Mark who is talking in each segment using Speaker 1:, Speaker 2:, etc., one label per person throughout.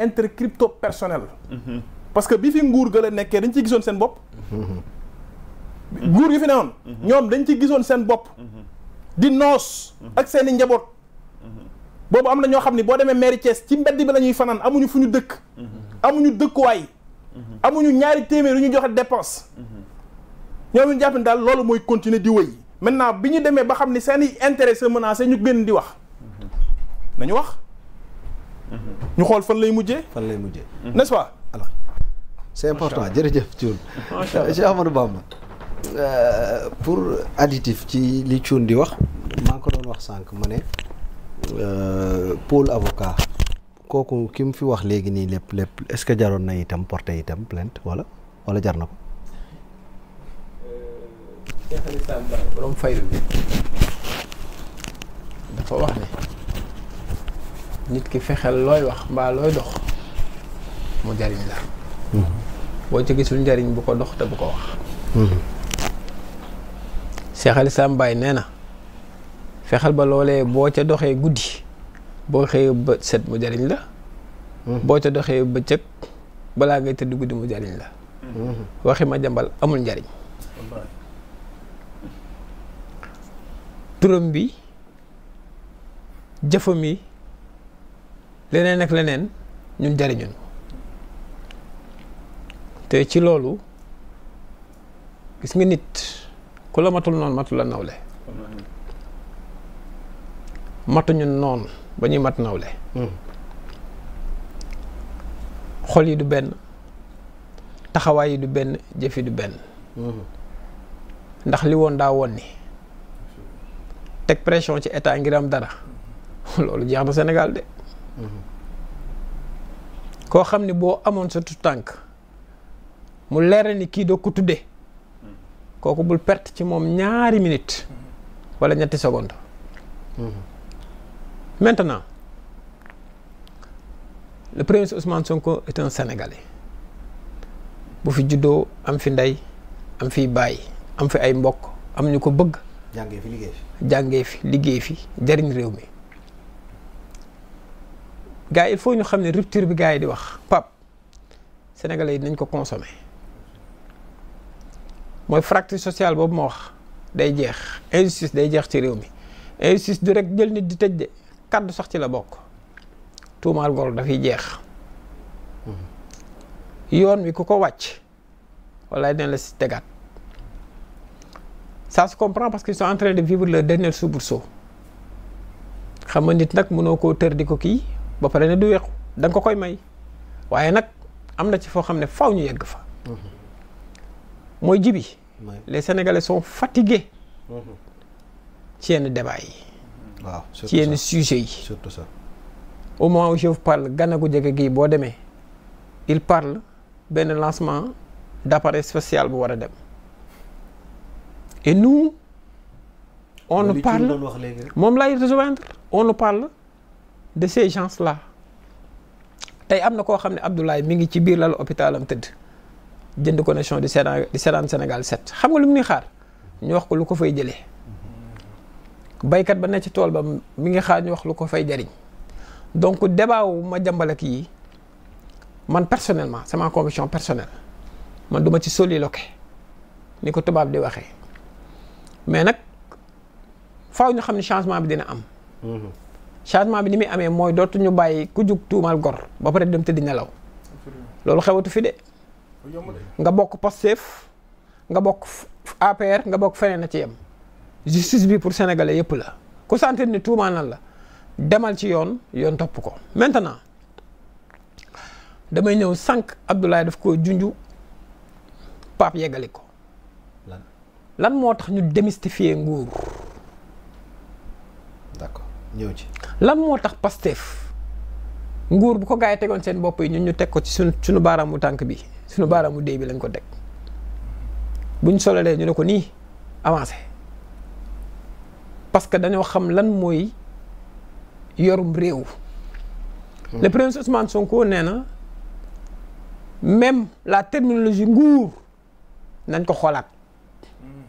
Speaker 1: intérêt crypto personnel. Mhm. parce que bi fi nguur ga la nekkee dañ ci gisoon seen bopp. Mhm. nguur gi fi newoon. Mhm. ñoom dañ ci gisoon seen bopp. di noos. ak seen i njaboot. boobu am na ñoo xam ne boo demee mairie Thiès ci mbedd bi la ñuy fanaan amuñu fu ñu dëkk. amuñu dëkkuwaay. amuñu ñaari téeméer yu ñu joxe dépense. ñoom ñu jàpp ne daal loolu mooy continuer di wëy maintenant bi ñu demee ba xam ne seen i intérêt se menacé ñu gën di wax dañu wax. ñu xool fan lay mujjee. fan lay mujjee. Mmh. n'est-ce pas. alors important jërëjëf Thioune. macha allah Cheikh Ahmadou euh, pour additif ci li Thioune di wax. maa ngi ko doon wax sànq ma ne. Euh, Paul avocat. kooku ki mu fi wax léegi nii lépp lépp est-ce que jaroon na itam porte itam plainte wala wala jar na ko. Euh, Cheikh Alioune Sall borom dafa wax ne. nit ki fexeel looy wax mbaa looy dox mu jariñ la mm-hmm. boo ca gisul njariñ bu ko dox te bu ko wax mm-hmm. Cheikh Al nee na fexeel ba loolee boo ca doxee guddi boo xëyee ba set mu jariñ la mm-hmm. boo ca doxee bëccëg balaa ngay tëdd guddi mu jariñ la waxi ma jambal amul njariñ turam bi jëfam yi leneen ak leneen ñun jariñu te ci loolu gis nga nit ku la matul noonu matul la nawle matuñu noon ba ñuy mat nawle xol yi du benn taxawaay yi du benn jëf yi du benn ndax li woon daa woon ni teg pression ci état ngir am dara loolu jeex na Sénégal de koo xam ne boo amoon sa tu tànk mu leere ni kii doo ko tuddee kooku bul perte ci moom ñaari minute wala ñetti seconde maintenant le premier ministre Ousmane Sonko est un sénégalais bu fi juddoo am fi ndey am fi baay am fi ay mbokk am ñu ko bëgg. jàngee fi liggéey fi jàngee fi liggéey fi jëriñ réew mi. gars yi il faut ñu xam ne rupture bi gars yi di wax pap sénégalais yi nañ ko consommé mooy fracture sociale boobu ma wax day jeex injustice day jeex ci réew mi injustice du rek jël nit di tëj de kàddu sax ci la bokk tuumaal gor dafay jeex yoon wi ku ko wàcc walaay dina la si tegaat ça se comprend parce que sont en train de vivre leur dernier soubresaut xam nga nit nag mënoo koo tër di ko kii ba pare ne du weexu da ko koy may waaye nag am na ci foo xam ne faw ñu yegg fa mhm. mooy jibi les sénégalais sont fatigués mhm. ci yenn débat yi waaw ci yenn sujet yi surtout ça au moment où je vous parle gana gu jege gii boo demee il parle benn lancement d'appareil spécial bu war a dem et nous on ne parle moom lay rejoindre on parle de ces gens là tey am na koo xam ne Abdoulaye mi ngi ci biir lalu hôpitalam tëdd jënd connexion di Sénégal di Sénégal 7 xam nga lu muy xaar ñu wax ko lu ko fay jëlee baykat ba ne ci tool ba mi ngi xaar ñu wax lu ko fay jariñ donc débat ma jàmbal yi man personnellement c'est ma conviction personnelle man du ma ci soliloque ni ko tubaab di waxee mais nag faw ñu xam ne changement bi dina am. Mm-hmm. changement bi ni muy amee mooy dootuñu bàyyi ku jug tuumal gor ba pare dem tëdd nelaw loolu xewatu fi de nga bokk Pastef nga bokk APR nga bokk feneen a ci yem justice bi pour sénégalais yëpp la ku sentir ni tuumaal nan la demal ci yoon yoon topp ko maintenant damay ñëw sànq Abdoulaye daf ko junju Pape yeggali ko lan moo tax ñu démystifier nguur ñëw ci lan moo tax Pastef nguur bu ko gaa yi tegoon seen bopp yi ñu ñu teg ko ci suñu suñu baaraamu tànk bi suñu baaraamu déy bi lañ ko deg buñ solalee ñu ne ko nii avancé parce que dañoo xam lan mooy yorum réew. Hmm. le premier Ousmane Sonko nee na même la terminologie nguur nañ ko xoolaat hmm.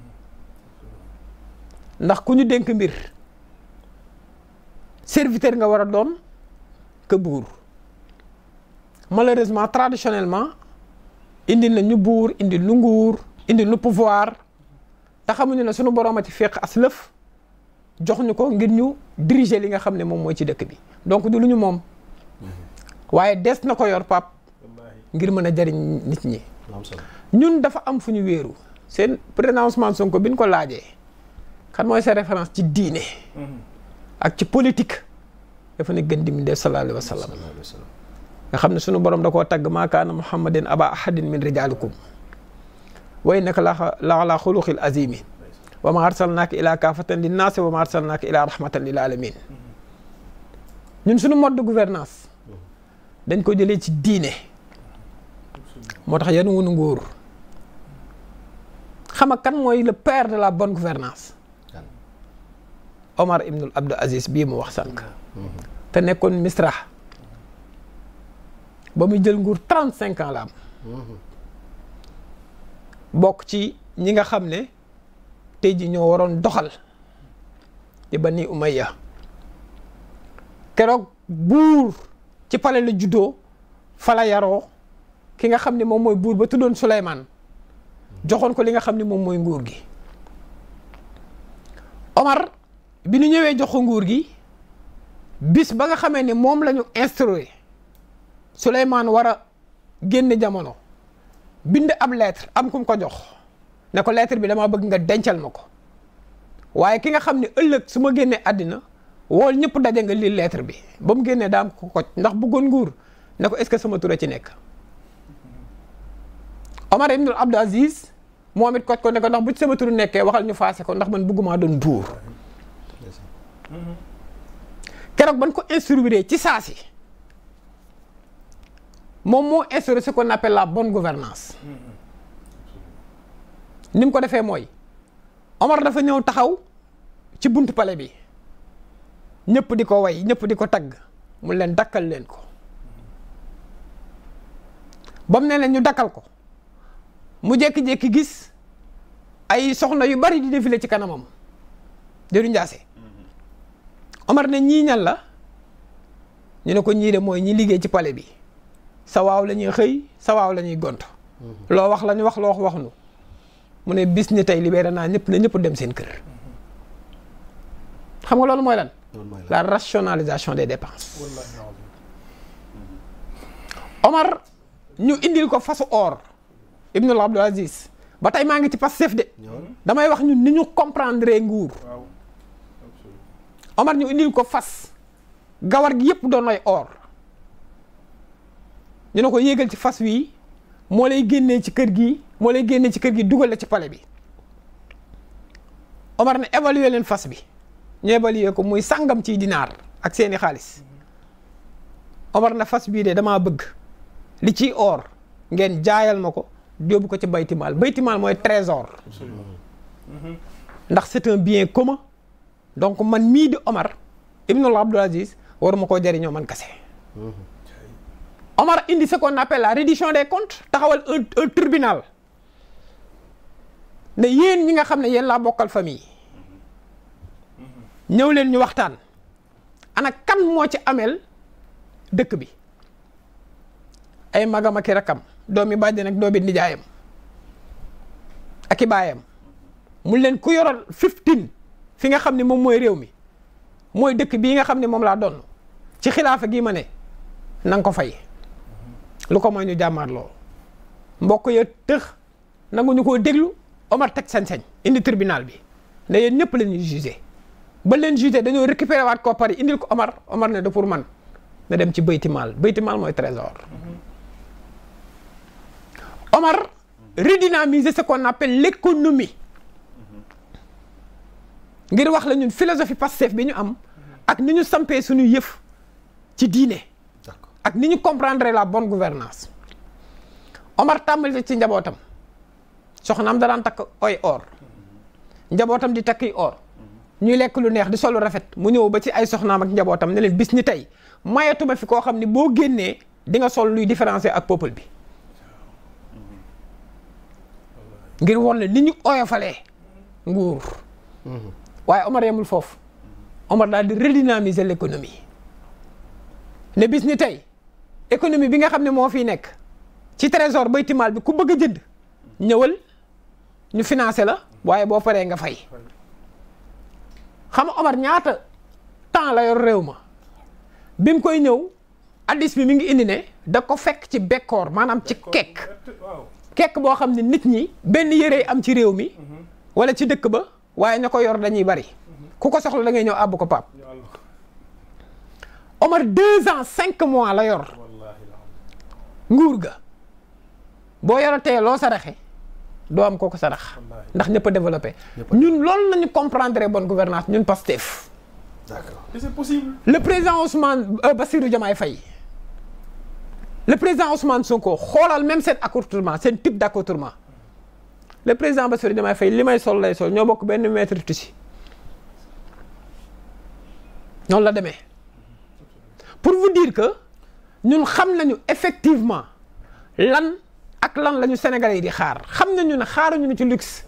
Speaker 1: ndax ku ñu dénk mbir. serviteur nga war a doon que buur malheureusement traditionnellement indi na ñu buur indi lu nguur indi lu pouvoir te xamuñu ne suñu borom a ci fekk as lëf jox ñu ko ngir ñu diriger li nga xam ne moom mooy ci dëkk bi donc du lu ñu moom waaye des na ko yor pap ngir mën a jariñ nit ñi ñun dafa am fu ñu wéeru seen président Ousmane Sonko bi ñu ko laajee kan mooy sa référence ci diine mm-hmm. ak ci politique dafa ne gën di mu def sallallahu xam ne sunu borom da koo tagg maa kaana muhammadin aba ahadin min rijalikum way naka la ala xuluqil azimi wa ma arsalnaaka ila kaafatan linnaasi wa ma arsalnaaka ila rahmatan alamin ñun suñu mode de gouvernance dañ ko jëlee ci diine moo tax yanu wunu nguur xam nga kan mooy le père de la bon gouvernance Omar ibnul Abdou Aziz bii mu wax sànq. te nekkoon misra ba muy jël nguur trente cinq ans la am. bokk ci ñi nga xam ne tey ji ñoo waroon doxal di Bani Umayya keroog buur ci pale la juddoo fala yaroo ki nga xam ne moom mooy buur ba tuddoon Souleymane joxoon ko li nga xam ne moom mooy nguur gi bi nu ñëwee jox ko nguur gi bis ba nga xamee ne moom la ñu instrué Souleymane war a génn jamono bind ab lettre am kum ko jox ne ko lettre bi damaa bëgg nga dencal ma ko waaye ki nga xam ne ëllëg su ma génnee àddina wool ñëpp daje nga lii lettre bi ba mu génnee daam ko ko ndax bëggoon nguur ne ko est-ce que sama tura ci nekk Omar Ibn Abdou Aziz moom it ko ko ndax bu ci sama tur nekkee waxal ñu faase ko ndax man bëgguma doon duur keroog ban ko instruire ci saa si moom moo instauré ce qu'on appelle la bonne gouvernance ni mu ko defee mooy Omar dafa ñëw taxaw ci buntu pale bi ñëpp di ko way ñëpp di ko tagg mu leen dakkal leen ko ba mu ne leen ñu dakkal ko mu jékki-jékki gis ay soxna yu bari di défilé ci kanamam jëru njaase Omar ne ñii ñan la ñu ne ko ñii de mooy ñi liggéey ci pale bi sa waaw la ñuy xëy sa waaw la ñuy gont mhm. loo wax la wax loo wax mu ne bis ni tey libéré naa ñëpp ne ñëpp dem seen kër mhm. xam nga loolu mooy lan la rationalisation des dépenses Omar ñu indil ko fasu or Ibnul Abdul Aziz ba tey maa ngi ci Pastef de damay wax ñun ni ñu comprendre nguur Omar ñu indil ko fas gawar gi yëpp doon ay or ñu ne ko yéegal ci fas wi moo lay génnee ci kër gi moo lay ci kër gi dugal la ci pale bi Omar na évaluer leen fas bi ñu évaluer ko muy sàngam ciy dinaar ak seeni xaalis Omar na fas bii de damaa bëgg li ciy or ngeen jaayal ma ko yóbbu ko ci baytimaal baytimaal mooy trésor ndax c'est bien commun donc man mii di Omar Ibnul Abdul Aziz waruma koo jariñoo man kese. Mhm. Omar indi ce qu'on appelle la reddition des comptes taxawal un un tribunal ne yéen ñi nga xam ne yéen laa bokkal famille ñëw leen ñu waxtaan ana kan moo ci ameel dëkk bi ay magam ak i rakam doomi bàjjen ak doomi nijaayam ak baayam mu leen ku yoral fi nga xam ne moom mooy réew mi mooy dëkk bii nga xam ne moom laa doon ci xilaafa gii ma ne na nga ko fay lu ko mooy ñu jàmmaar loolu mbokk ya tëx ñu ko déglu Omar teg sañ-sañ indi tribunal bi ne yéen ñëpp la ñuy jugé ba leen jugé dañoo récupéré waat ko pare indil ko Omar Omar ne da pour man na dem ci baytimaal baytimaal mooy trésor Omar redynamiser ce qu'on appelle l'économie ngir wax la ñun philosophie Pastef bi ñu am ak ni ñu sampee suñu yëf ci diine ak ni ñu comprendre la bonne gouvernance Omar tàmbali ci njabootam soxnaam da daan takk oy or njabootam di takki or ñuy lekk lu neex di solu rafet mu ñëw ba ci ay soxnaam ak njabootam ne leen bis ni tey mayatuma fi koo xam ne boo génnee di nga sol luy différencier ak peuple bi ngir won la ni ñu oyofalee nguur mhm. waaye Omar yemul foofu Omar daal di redynamiser l' économie ne bis ni tey économie bi nga xam ne moo fiy nekk ci trésor baytimaal bi ku bëgg a jënd ñëwal ñu financé la waaye boo paree nga fay xam Omar ñaata temps la yor réew ma bi mu koy ñëw addis bi mi ngi indi ne da ko fekk ci bekkoor maanaam ci kekk kekk boo xam ne nit ñi benn yére am ci réew mi mhm. wala ci dëkk ba waaye ña ko yor dañuy bari ku ko soxla da ngay ñëw àbb ko paap Omar deux ans cinq mois la yor nguur ga boo yoratee loo saraxe doo am kooku sarax ndax ñëpp a développé ñun loolu nañu comprendre bonne gouvernance ñun Pastef d'accord c'est possible le président Ousmane euh, Bassirou Diomaye Faye le président Ousmane Sonko xoolaal même seen accoutrement seen type d' accoutrement le président Bassirou Diomaye Faye li may sol lay sol ñoo bokk benn mètre tissu noonu la demee pour vous dire que ñun xam nañu effectivement lan ak lan lañu ñu yi di xaar xam nañu ne xaaruñu ñu ci luxe.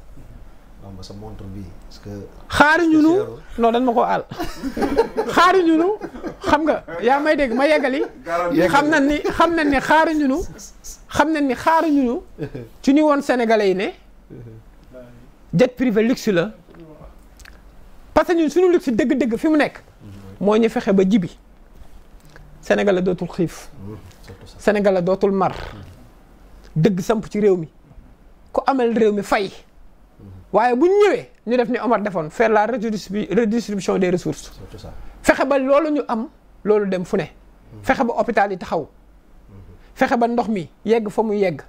Speaker 1: waaw sa bi parce que. xaaruñu ñu non dañ ma koo àll xaaruñu ñu xam nga yaa may dégg ma yeggali. xam nañ ni xam nañ ni xaaruñu ñu xam nañ ni xaaruñu ñu ci ñu won Sénégalais yi ne. jet privé luxe la parce que ñun suñu luxe dëgg-dëgg fi mu nekk moo ñu fexe ba jibi Sénégal la dootul xiif Sénégal la dootul mar dëgg samp ci réew mi ku amal réew mi fay waaye bu ñëwee ñu def ni Omar defoon faire la redistribution des ressources fexe ba loolu ñu am loolu dem fu ne fexe ba hôpital yi taxaw mm-hmm. fexe ba ndox mi yegg fa mu yegg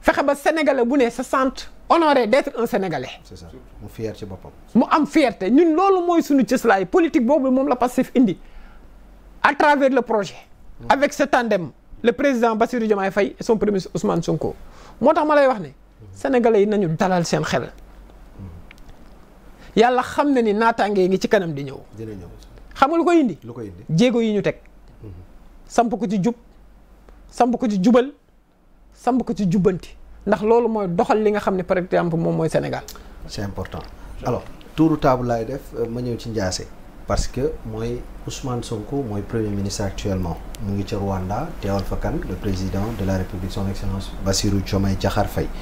Speaker 1: fexe ba sénégalais bu ne sa sant honoré d'être un sénégalais. c'est ça mu boppam. mu am fierté ñun loolu mooy suñu cëslaay politique boobu moom la Pastef indi à travers le projet. Mm. avec ce tandem le président ba Bassirou Diomaye Faye fay son premier ministre Ousmane Sonko moo tax ma lay wax ne mm-hmm. sénégalais yi nañu dalal seen xel mm-hmm. yàlla xam na ni naataangee ngi ci kanam di ñëw. xam nga lu koy indi. lu koy indi jéego yi ñu teg. Mm-hmm. samp ko ci jub samp ko ci jubal samp ko ci jubbanti. ndax loolu mooy doxal li nga xam ne par exemple moom mooy Sénégal. c'est important alors tuuru table laay def euh, ma ñëw ci Ndiassé parce que mooy Ousmane Sonko mooy premier ministre actuellement mu ngi ca Rwanda teewal fa kan le président de la République son excellence Bassirou ca xar Faye